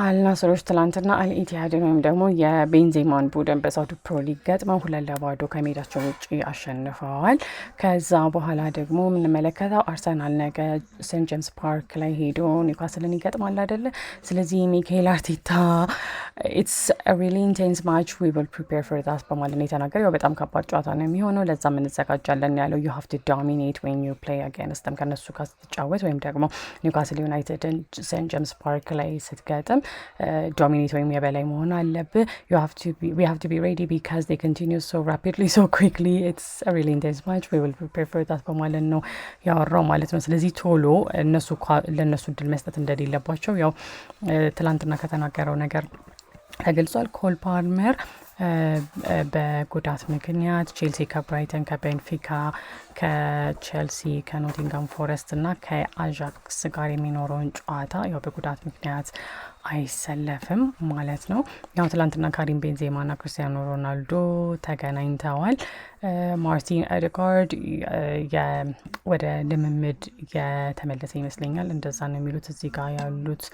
አልናስሮች ትላንትና አልኢቲሃድን ወይም ደግሞ የቤንዜማን ቡድን በሳውዲ ፕሮ ሊግ ገጥመው ሁለት ለባዶ ከሜዳቸው ውጭ አሸንፈዋል። ከዛ በኋላ ደግሞ የምንመለከተው አርሰናል ነገ ሴንት ጄምስ ፓርክ ላይ ሄዶ ኒውካስልን ይገጥማል አይደለ? ስለዚህ ሚካኤል አርቴታ ኢትስ ሪሊ ኢንቴንስ ማች ዊ ዊል ፕሪፔር ፎር ዛት በማለት ነው የተናገረው። ያው በጣም ከባድ ጨዋታ ነው የሚሆነው፣ ለዛም እንዘጋጃለን ያለው ዩ ሃቭ ቱ ዶሚኔት ወን ዩ ፕሌይ አጋንስት ከነሱ ጋር ስትጫወት ወይም ደግሞ ኒውካስል ዩናይትድን ሴንት ጄምስ ፓርክ ላይ ስትገጥም ዶሚኔት uh, ወይም የበላይ መሆን አለብህ። ዊ ሃቭ ቱ ቢ ሬዲ ቢካዝ ዴይ ኮንቲኒው ሶ ራፒድሊ ሶ ኩዊክሊ ኢትስ ሪሊ ኢንቴንስ ማች ዊ ዊል ፕሪፔር ፎር በማለት ነው ያወራው ማለት ነው። ስለዚህ ቶሎ እነሱ ለእነሱ እድል መስጠት እንደሌለባቸው ያው uh, ትላንትና ከተናገረው ነገር ተገልጿል። ኮል ፓልመር በጉዳት ምክንያት ቼልሲ ከብራይተን፣ ከቤንፊካ፣ ከቼልሲ፣ ከኖቲንጋም ፎረስት እና ከአዣክስ ጋር የሚኖረውን ጨዋታ ያው በጉዳት ምክንያት አይሰለፍም ማለት ነው። ያው ትላንትና ካሪም ቤንዜማና ክርስቲያኖ ሮናልዶ ተገናኝተዋል። ማርቲን ኤድጋርድ ወደ ልምምድ የተመለሰ ይመስለኛል። እንደዛ ነው የሚሉት እዚህ ጋር ያሉት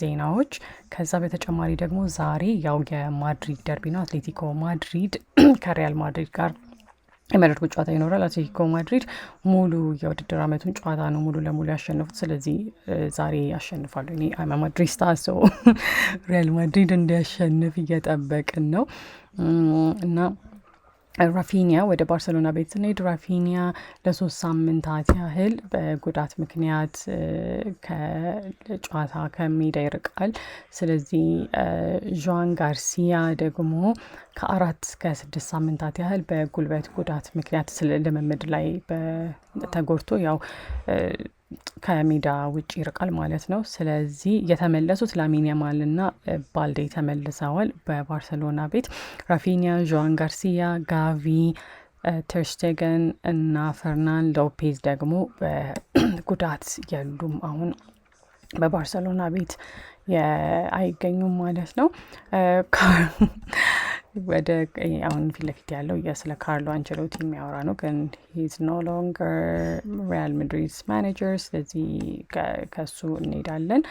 ዜናዎች። ከዛ በተጨማሪ ደግሞ ዛሬ ያው የማድሪድ ደርቢ ነው። አትሌቲኮ ማድሪድ ከሪያል ማድሪድ ጋር የመድረኩ ጨዋታ ይኖራል። አትሌቲኮ ማድሪድ ሙሉ የውድድር ዓመቱን ጨዋታ ነው ሙሉ ለሙሉ ያሸንፉት። ስለዚህ ዛሬ ያሸንፋሉ። እኔ አይማ ማድሪስታ ሰው ሪያል ማድሪድ እንዲያሸንፍ እየጠበቅን ነው እና ራፊኒያ ወደ ባርሰሎና ቤት ስንሄድ ራፊኒያ ለሶስት ሳምንታት ያህል በጉዳት ምክንያት ከጨዋታ ከሜዳ ይርቃል። ስለዚህ ዣን ጋርሲያ ደግሞ ከአራት እስከ ስድስት ሳምንታት ያህል በጉልበት ጉዳት ምክንያት ስለ ልምምድ ላይ ተጎድቶ ያው ከሜዳ ውጭ ይርቃል ማለት ነው። ስለዚህ የተመለሱት ላሚን ያማልና ባልዴ ተመልሰዋል በባርሰሎና ቤት። ራፊኒያ፣ ዣን ጋርሲያ፣ ጋቪ፣ ተርሽቴገን እና ፈርናን ሎፔዝ ደግሞ በጉዳት የሉም አሁን በባርሰሎና ቤት አይገኙም ማለት ነው። ወደ አሁን ፊት ለፊት ያለው ስለ ካርሎ አንቸሎቲ የሚያወራ ነው። ግን ሂዝ ኖ ሎንገር ሪያል ማድሪድስ ማኔጀር። ስለዚህ ከሱ እንሄዳለን።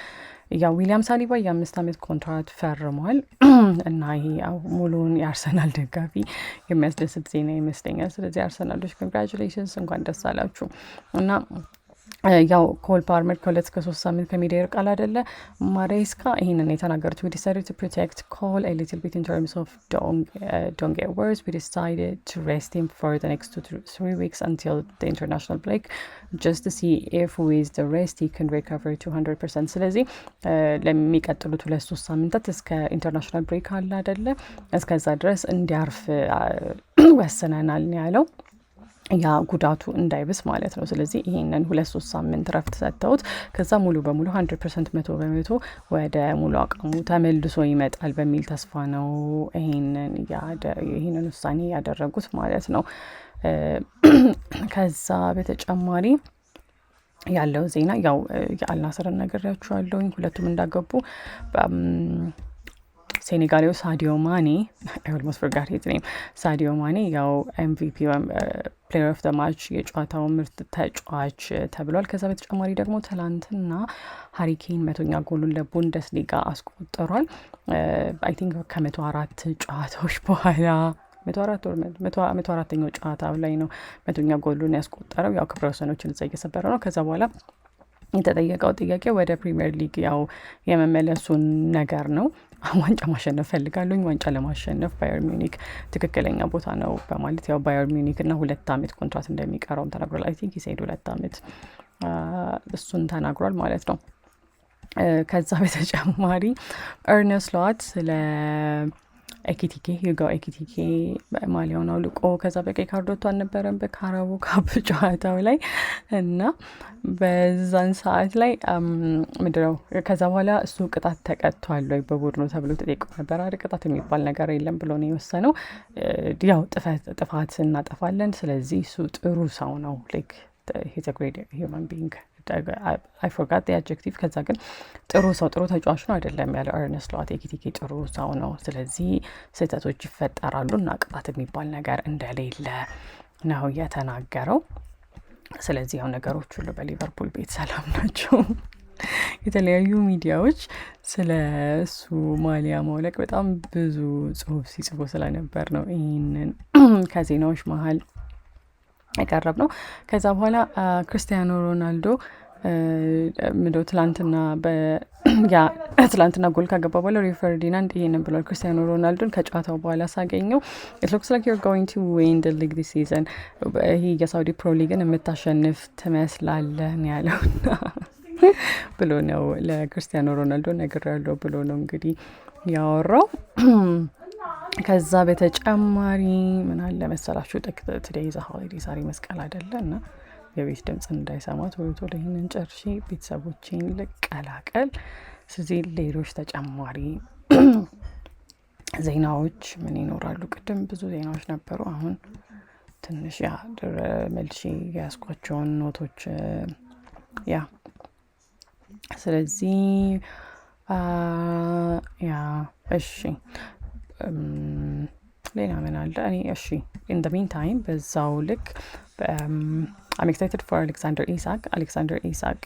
ያው ዊሊያም ሳሊባ የአምስት ዓመት ኮንትራት ፈርሟል እና ይሄ ሙሉን የአርሰናል ደጋፊ የሚያስደስት ዜና ይመስለኛል። ስለዚህ አርሰናሎች ኮንግራጁሌሽንስ፣ እንኳን ደስ አላችሁ እና ያው ኮል ፓልመር ከሁለት ከሶስት ሳምንት ከሚዲያ ይርቃል አደለ ማሬስካ ይህንን የተናገሩት ዊ ቱ ፕሮቴክት ኮል ሊትል ቢት ኢን ተርምስ ኦፍ ዶንት ጌት ወርስ ዲሳይድ ቱ ሬስት ም ፎር ዘ ኔክስት ቱ ትሪ ዊክስ አንቲል ዘ ኢንተርናሽናል ብሬክ ጀስት ሲ ኤፍ ዊዝ ዘ ሬስት ሂ ክን ሪካቨር ቱ ሀንድረድ ፐርሰንት። ስለዚህ ለሚቀጥሉት ሁለት ሶስት ሳምንታት እስከ ኢንተርናሽናል ብሬክ አለ አደለ እስከዛ ድረስ እንዲያርፍ ወስነናል ያለው ያ ጉዳቱ እንዳይብስ ማለት ነው። ስለዚህ ይህንን ሁለት ሶስት ሳምንት ረፍት ሰጥተውት ከዛ ሙሉ በሙሉ ሀንድርድ ፐርሰንት መቶ በመቶ ወደ ሙሉ አቅሙ ተመልሶ ይመጣል በሚል ተስፋ ነው ይህንን ውሳኔ ያደረጉት ማለት ነው። ከዛ በተጨማሪ ያለው ዜና ያው የአልናስርን ነግሬያችኋለሁ። ሁለቱም እንዳገቡ ሴኔጋሌው ሳዲዮ ማኔ ኦልሞስት ፎርጋት ሄት ኔም ሳዲዮ ማኔ ያው ኤምቪፒ ወይም ፕሌየር ኦፍ ዘ ማች የጨዋታው ምርጥ ተጫዋች ተብሏል። ከዛ በተጨማሪ ደግሞ ትላንትና ሀሪኬን መቶኛ ጎሉን ለቡንደስሊጋ አስቆጠሯል። አይ ቲንክ ከመቶ አራት ጨዋታዎች በኋላ መቶ አራተኛው ጨዋታ ላይ ነው መቶኛ ጎሉን ያስቆጠረው። ያው ክብረ ወሰኖችን እዛ እየሰበረ ነው። ከዛ በኋላ የተጠየቀው ጥያቄ ወደ ፕሪምየር ሊግ ያው የመመለሱን ነገር ነው። ዋንጫ ማሸነፍ ፈልጋለኝ። ዋንጫ ለማሸነፍ ባየር ሚኒክ ትክክለኛ ቦታ ነው በማለት ያው ባየር ሚኒክ እና ሁለት ዓመት ኮንትራት እንደሚቀረውም ተናግሯል። አይ ቲንክ ይሰሄድ ሁለት ዓመት እሱን ተናግሯል ማለት ነው። ከዛ በተጨማሪ ኤርነስ ሎት ስለ ኤኪቲኬ ዩጋው ኤኪቲኬ ማሊያውን አውልቆ ከዛ በቀይ ካርዶቱ ወጥቶ አልነበረም በካራቦ ካፕ ጨዋታው ላይ እና በዛን ሰዓት ላይ ምድረው ከዛ በኋላ እሱ ቅጣት ተቀጥቷል ወይ በቡድኑ ተብሎ ተጠይቆ ነበር። አድ ቅጣት የሚባል ነገር የለም ብሎ ነው የወሰነው። ያው ጥፋት እናጠፋለን፣ ስለዚህ እሱ ጥሩ ሰው ነው ላይክ ሂዝ ሂውማን ቢንግ አይፎርጋት አጀክቲቭ። ከዛ ግን ጥሩ ሰው ጥሩ ተጫዋች ነው አይደለም ያለው ኤርነስት ሎት የኪቲኬ ጥሩ ሰው ነው። ስለዚህ ስህተቶች ይፈጠራሉ እና ቅጣት የሚባል ነገር እንደሌለ ነው የተናገረው። ስለዚህ ያው ነገሮች ሁሉ በሊቨርፑል ቤት ሰላም ናቸው። የተለያዩ ሚዲያዎች ስለ እሱ ማሊያ ማውለቅ በጣም ብዙ ጽሁፍ ሲጽፉ ስለነበር ነው ይህንን ከዜናዎች መሀል የቀረብ ነው። ከዛ በኋላ ክርስቲያኖ ሮናልዶ ምዶ ትላንትና ትላንትና ጎል ካገባ በኋላ ሪዮ ፈርዲናንድ ይሄንን ብሏል። ክርስቲያኖ ሮናልዶን ከጨዋታው በኋላ ሳገኘው ኢትሎክስ ላክ ዩር ጎይንግ ቱ ዌን ደ ሊግ ዲስ ሲዘን ይሄ የሳውዲ ፕሮ ሊግን የምታሸንፍ ትመስላለህ ያለው ብሎ ነው ለክርስቲያኖ ሮናልዶ ነግሬያለሁ ብሎ ነው እንግዲህ ያወራው። ከዛ በተጨማሪ ምን አለ መሰላችሁ ትደይ ዘ ሆሊዴይ ዛሬ መስቀል አይደለ እና የቤት ድምፅ እንዳይሰማት ቶሎ ቶሎ ይህንን ጨርሼ ቤተሰቦቼን ልቀላቀል። ስለዚህ ሌሎች ተጨማሪ ዜናዎች ምን ይኖራሉ? ቅድም ብዙ ዜናዎች ነበሩ። አሁን ትንሽ ያ ድረ መልሼ የያዝኳቸውን ኖቶች ያ ስለዚህ ያ እሺ ሌላ ምን አለ? እኔ እሺ ኢን ደ ሚን ታይም በዛው ልክ አም ኤክሳይትድ ፎር አሌክሳንደር ኢሳቅ አሌክሳንደር ኢሳቅ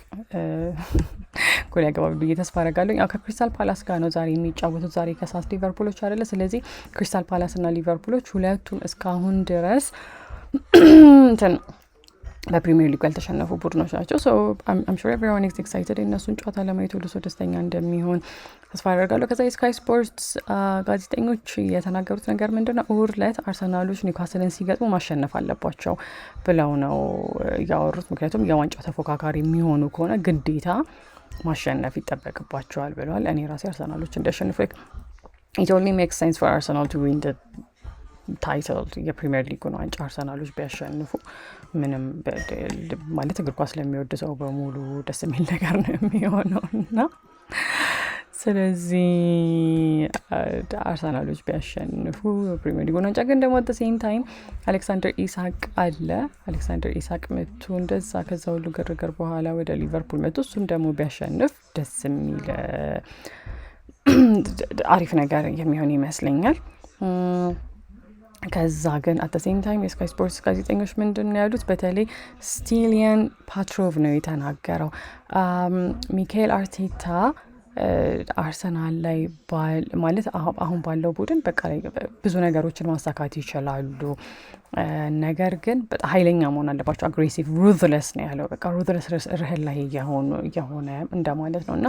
ጎል ያገባል ብዬ ተስፋ አረጋለኝ። አሁ ከክሪስታል ፓላስ ጋር ነው ዛሬ የሚጫወቱት ዛሬ ከሳት ሊቨርፑሎች አይደለ። ስለዚህ ክሪስታል ፓላስ እና ሊቨርፑሎች ሁለቱም እስካሁን ድረስ በፕሪሚየር ሊግ ያልተሸነፉ ቡድኖች ናቸው። ሶ አም ሹር ኤቨሪዋን ኢዝ ኤክሳይትድ የእነሱን ጨዋታ ለማየት ሁሉ ሰው ደስተኛ እንደሚሆን ተስፋ አደርጋለሁ። ከዛ የስካይ ስፖርትስ ጋዜጠኞች የተናገሩት ነገር ምንድን ነው? እሁድ ዕለት አርሰናሎች ኒውካስልን ሲገጥሙ ማሸነፍ አለባቸው ብለው ነው ያወሩት። ምክንያቱም የዋንጫው ተፎካካሪ የሚሆኑ ከሆነ ግዴታ ማሸነፍ ይጠበቅባቸዋል ብለዋል። እኔ ራሴ አርሰናሎች እንዲያሸንፉ ኢት ኦንሊ ሜክስ ሳይንስ ፎር አርሰናል ቱ ዊን ታይትል የፕሪሚየር ሊጉን ዋንጫ አርሰናሎች ቢያሸንፉ ምንም ማለት እግር ኳስ ለሚወድ ሰው በሙሉ ደስ የሚል ነገር ነው የሚሆነው እና ስለዚህ አርሰናሎች ቢያሸንፉ ፕሪሚየር ሊጉን ዋንጫ ግን ደግሞ ሴም ታይም አሌክሳንደር ኢሳቅ አለ። አሌክሳንደር ኢሳቅ መቶ እንደዛ ከዛ ሁሉ ግርግር በኋላ ወደ ሊቨርፑል መቶ እሱም ደግሞ ቢያሸንፍ ደስ የሚል አሪፍ ነገር የሚሆን ይመስለኛል። ከዛ ግን አት ሴም ታይም የስካይ ስፖርትስ ጋዜጠኞች ምንድን ነው ያሉት? በተለይ ስቲሊየን ፓትሮቭ ነው የተናገረው። um, ሚካኤል አርቴታ uh, አርሰናል ላይ ማለት አሁን ባለው ቡድን በቃ ብዙ ነገሮችን ማሳካት ይችላሉ ነገር ግን በጣም ኃይለኛ መሆን አለባቸው። አግሬሲቭ ሩለስ ነው ያለው። በቃ ሩዝለስ ርህል ላይ እየሆነ እንደማለት ነው እና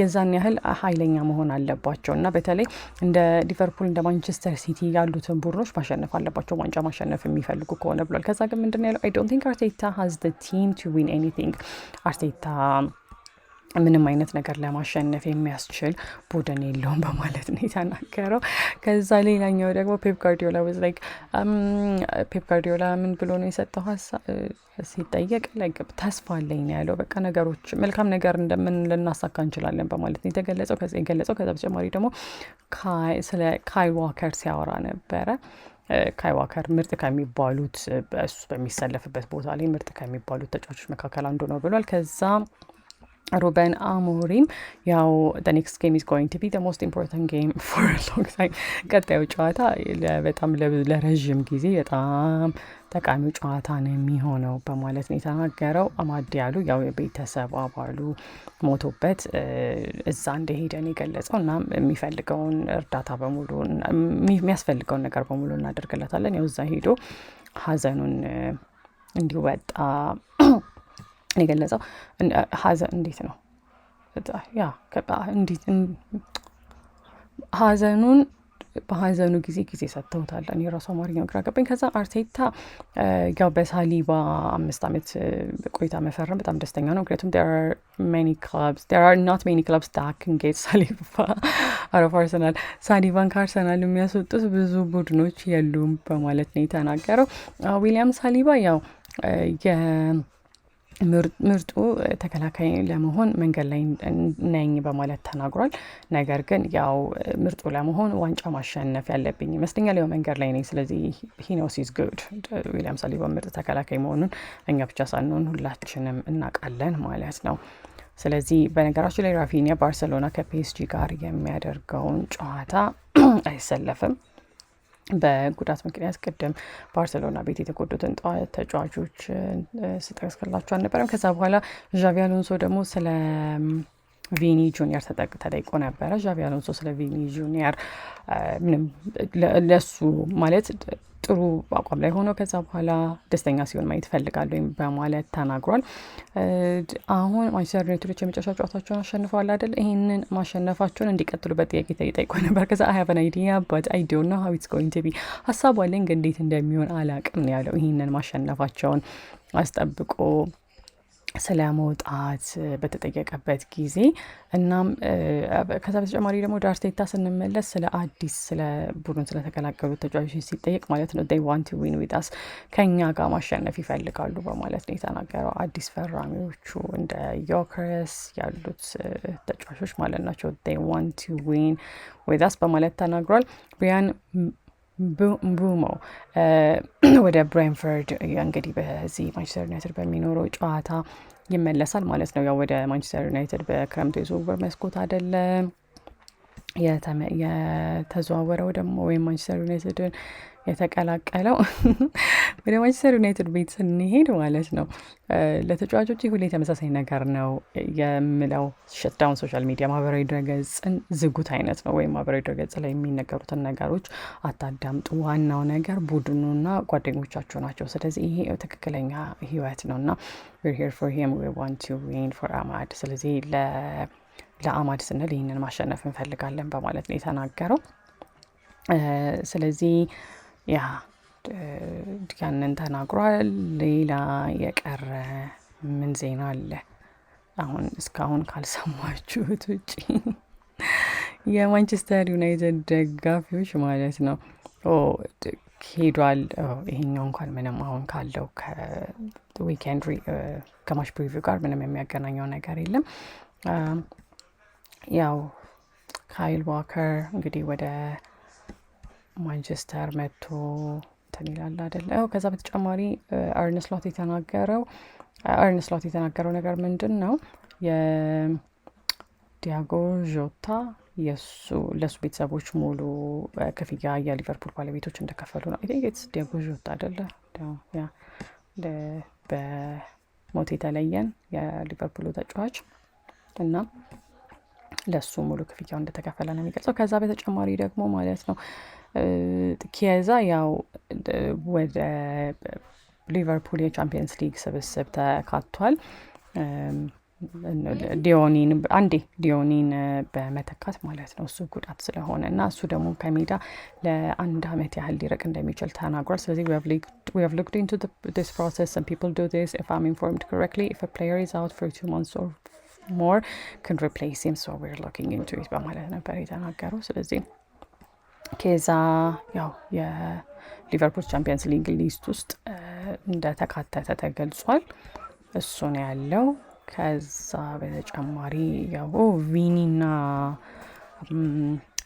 የዛን ያህል ኃይለኛ መሆን አለባቸው እና በተለይ እንደ ሊቨርፑል እንደ ማንቸስተር ሲቲ ያሉትን ቡድኖች ማሸነፍ አለባቸው ዋንጫ ማሸነፍ የሚፈልጉ ከሆነ ብሏል። ከዛ ግን ምንድን ነው ያለው? አይ ዶንት ቲንክ አርቴታ ሀዝ ቲም ቱ ዊን ኤኒቲንግ አርቴታ ምንም አይነት ነገር ለማሸነፍ የሚያስችል ቡድን የለውም በማለት ነው የተናገረው። ከዛ ሌላኛው ደግሞ ፔፕ ጋርዲዮላ ወዝ ላይክ ፔፕ ጋርዲዮላ ምን ብሎ ነው የሰጠው ሀሳብ ሲጠየቅ ላይክ ተስፋ አለኝ ነው ያለው። በቃ ነገሮች መልካም ነገር እንደምን ልናሳካ እንችላለን በማለት ነው የተገለጸው የገለጸው። ከዛ በተጨማሪ ደግሞ ስለ ካይ ዋከር ሲያወራ ነበረ። ካይ ዋከር ምርጥ ከሚባሉት እሱ በሚሰለፍበት ቦታ ላይ ምርጥ ከሚባሉት ተጫዋቾች መካከል አንዱ ነው ብሏል። ከዛ ሩበን አሞሪም ያው ኔክስት ጌም ኢዝ ጎይንግ ቱ ቢ ሞስት ኢምፖርታንት ጌም ፎር ሎንግ ታይም፣ ቀጣዩ ጨዋታ በጣም ለረዥም ጊዜ በጣም ጠቃሚው ጨዋታ ነው የሚሆነው በማለት ነው የተናገረው። አማድ ያሉ ያው የቤተሰቡ አባሉ ሞቶበት እዛ እንደሄደ የገለጸው። እና የሚፈልገውን እርዳታ በሙሉ የሚያስፈልገውን ነገር በሙሉ እናደርግለታለን። ያው እዛ ሄዶ ሀዘኑን እንዲወጣ የገለጸው ሐዘን እንዴት ነው ያ ሀዘኑን በሀዘኑ ጊዜ ጊዜ ሰጥተውታል። እኔ ራሱ አማርኛው ግራ ገባኝ። ከዛ አርቴታ ያው በሳሊባ አምስት ዓመት ቆይታ መፈረም በጣም ደስተኛ ነው። ምክንያቱም ናት ሜኒ ክለብስ ዳክንጌት ሳሊባ አረፍ አርሰናል ሳሊባን ከአርሰናል የሚያስወጡት ብዙ ቡድኖች የሉም በማለት ነው የተናገረው ዊሊያም ሳሊባ ያው ምርጡ ተከላካይ ለመሆን መንገድ ላይ ነኝ በማለት ተናግሯል። ነገር ግን ያው ምርጡ ለመሆን ዋንጫ ማሸነፍ ያለብኝ ይመስለኛል። ያው መንገድ ላይ ነኝ፣ ስለዚህ ሂኖሲስ ጉድ ዊሊያም ሳሊባ ምርጥ ተከላካይ መሆኑን እኛ ብቻ ሳንሆን ሁላችንም እናውቃለን ማለት ነው። ስለዚህ በነገራችን ላይ ራፊኒያ ባርሰሎና ከፒኤስጂ ጋር የሚያደርገውን ጨዋታ አይሰለፍም። በጉዳት ምክንያት ቅድም ባርሴሎና ቤት የተጎዱትን ተጫዋቾች ስጠቅስላችሁ አልነበረም። ከዛ በኋላ ዣቪ አሎንሶ ደግሞ ስለ ቪኒ ጁኒየር ተጠይቆ ነበረ። ዣቪ አሎንሶ ስለ ቪኒ ጁኒየር ምንም ለሱ ማለት ጥሩ አቋም ላይ ሆኖ ከዛ በኋላ ደስተኛ ሲሆን ማየት እፈልጋለሁ በማለት ተናግሯል። አሁን ማንቸስተር ዩናይትዶች የመጨረሻ ጨዋታቸውን አሸንፈዋል አይደል? ይህንን ማሸነፋቸውን እንዲቀጥሉበት ጥያቄ ተጠይቆ ነበር። ከዛ አይ ሀቭ አን አይዲያ ባት አይ ዶንት ኖው ሃው ኢትስ ጎይንግ ቱ ቢ ሀሳቡ አለኝ፣ እንዴት እንደሚሆን አላቅም ያለው ይህንን ማሸነፋቸውን አስጠብቆ ስለ መውጣት በተጠየቀበት ጊዜ እናም ከዛ በተጨማሪ ደግሞ ወደ አርቴታ ስንመለስ ስለ አዲስ ስለ ቡድን ስለተቀላቀሉ ተጫዋቾች ሲጠየቅ ማለት ነው ዋንት ዊን ዊጣስ ከኛ ጋር ማሸነፍ ይፈልጋሉ በማለት ነው የተናገረው። አዲስ ፈራሚዎቹ እንደ ዮክረስ ያሉት ተጫዋቾች ማለት ናቸው ዋንት ዊን ዊጣስ በማለት ተናግሯል ብሪያን ብሩሞ ወደ ብሬንፈርድ እንግዲህ በዚህ ማንቸስተር ዩናይትድ በሚኖረው ጨዋታ ይመለሳል ማለት ነው። ያው ወደ ማንቸስተር ዩናይትድ በክረምቱ የዝውውር መስኮት አይደለም የተዘዋወረው ደግሞ ወይም ማንቸስተር ዩናይትድን የተቀላቀለው ወደ ማንቸስተር ዩናይትድ ቤት ስንሄድ ማለት ነው። ለተጫዋቾች ሁሌ ተመሳሳይ ነገር ነው የምለው። ሸትዳውን ሶሻል ሚዲያ ማህበራዊ ድረገጽን ዝጉት አይነት ነው። ወይም ማህበራዊ ድረገጽ ላይ የሚነገሩትን ነገሮች አታዳምጡ። ዋናው ነገር ቡድኑና ጓደኞቻችሁ ናቸው። ስለዚህ ይሄ ትክክለኛ ህይወት ነው እና ዌር ፎር ሂም ዊን ፎር አማድ ስለዚህ ለአማድ ስንል ይህንን ማሸነፍ እንፈልጋለን በማለት ነው የተናገረው። ስለዚህ ያ ያንን ተናግሯል። ሌላ የቀረ ምን ዜና አለ? አሁን እስካሁን ካልሰማችሁት ውጭ የማንቸስተር ዩናይትድ ደጋፊዎች ማለት ነው ሄዷል። ይሄኛው እንኳን ምንም አሁን ካለው ከዊኬንድ ከማሽ ፕሪቪው ጋር ምንም የሚያገናኘው ነገር የለም። ያው ካይል ዋከር እንግዲህ ወደ ማንቸስተር መጥቶ እንትን ይላል አደለ? ከዛ በተጨማሪ አርነ ስሎት የተናገረው አርነ ስሎት የተናገረው ነገር ምንድን ነው? የዲያጎ ዦታ የሱ ለእሱ ቤተሰቦች ሙሉ ክፍያ የሊቨርፑል ባለቤቶች እንደከፈሉ ነው። ኢትስ ዲያጎ ዦታ አደለ? በሞት የተለየን የሊቨርፑሉ ተጫዋች እና ለሱ ሙሉ ክፍያው እንደተከፈለ ነው የሚገልጸው። ከዛ በተጨማሪ ደግሞ ማለት ነው ኪየዛ ያው ወደ ሊቨርፑል የቻምፒየንስ ሊግ ስብስብ ተካቷል። ዲዮኒን አንዴ ዲዮኒን በመተካት ማለት ነው እሱ ጉዳት ስለሆነ እና እሱ ደግሞ ከሜዳ ለአንድ አመት ያህል ሊርቅ እንደሚችል ተናግሯል። ስለዚህ ሉክድ ኢንቱ ዲስ ፕሮሰስ ፒፕል ዱ ዲስ ኢፍ አም ኢንፎርምድ ኮሬክትሊ ኢፍ ፕሌየር ኢዝ አውት ፎር ቱ ማንስ ሞር ክን ሪፕሌስ ም ሶ ዌር ሎኪንግ ኢንቱ ኢት በማለት ነበር የተናገሩ። ስለዚህ ከዛ ያው የሊቨርፑል ቻምፒየንስ ሊግ ሊስት ውስጥ እንደተካተተ ተገልጿል። እሱ ነው ያለው። ከዛ በተጨማሪ ያው ቪኒና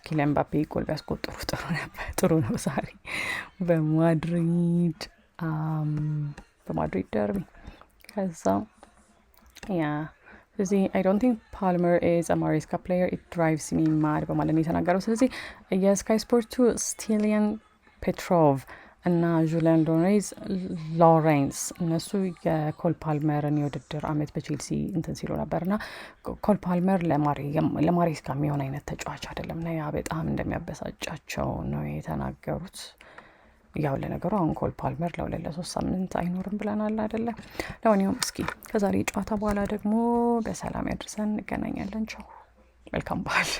ኪሊያን ምባፔ ጎል ቢያስቆጥሩ ጥሩ ነበር፣ ጥሩ ነው። ዛሬ በማድሪድ በማድሪድ ደርቢ ከዛ ያ ስለዚህ አይ ዶንት ቲንክ ፓልመር ኢዝ ማሪስካ ፕሌየር ኢት ድራይቭስ ሚ ማድ በማለት ነው የተናገረው። ስለዚህ የስካይ ስፖርቱ ስቲሊያን ፔትሮቭ እና ጁሊያን ሎሬዝ ሎሬንስ እነሱ የኮል ፓልመርን የውድድር አመት በቼልሲ እንትን ሲሉ ነበር እና ኮል ፓልመር ለማሬስካ የሚሆን አይነት ተጫዋች አይደለም ና ያ በጣም እንደሚያበሳጫቸው ነው የተናገሩት። ያው ለነገሩ አሁን ኮል ፓልመር ለሁለት ለሶስት ሳምንት አይኖርም ብለናል አይደለ? ለማንኛውም እስኪ ከዛሬ ጨዋታ በኋላ ደግሞ በሰላም ያድርሰን። እንገናኛለን። ቻው። መልካም በዓል።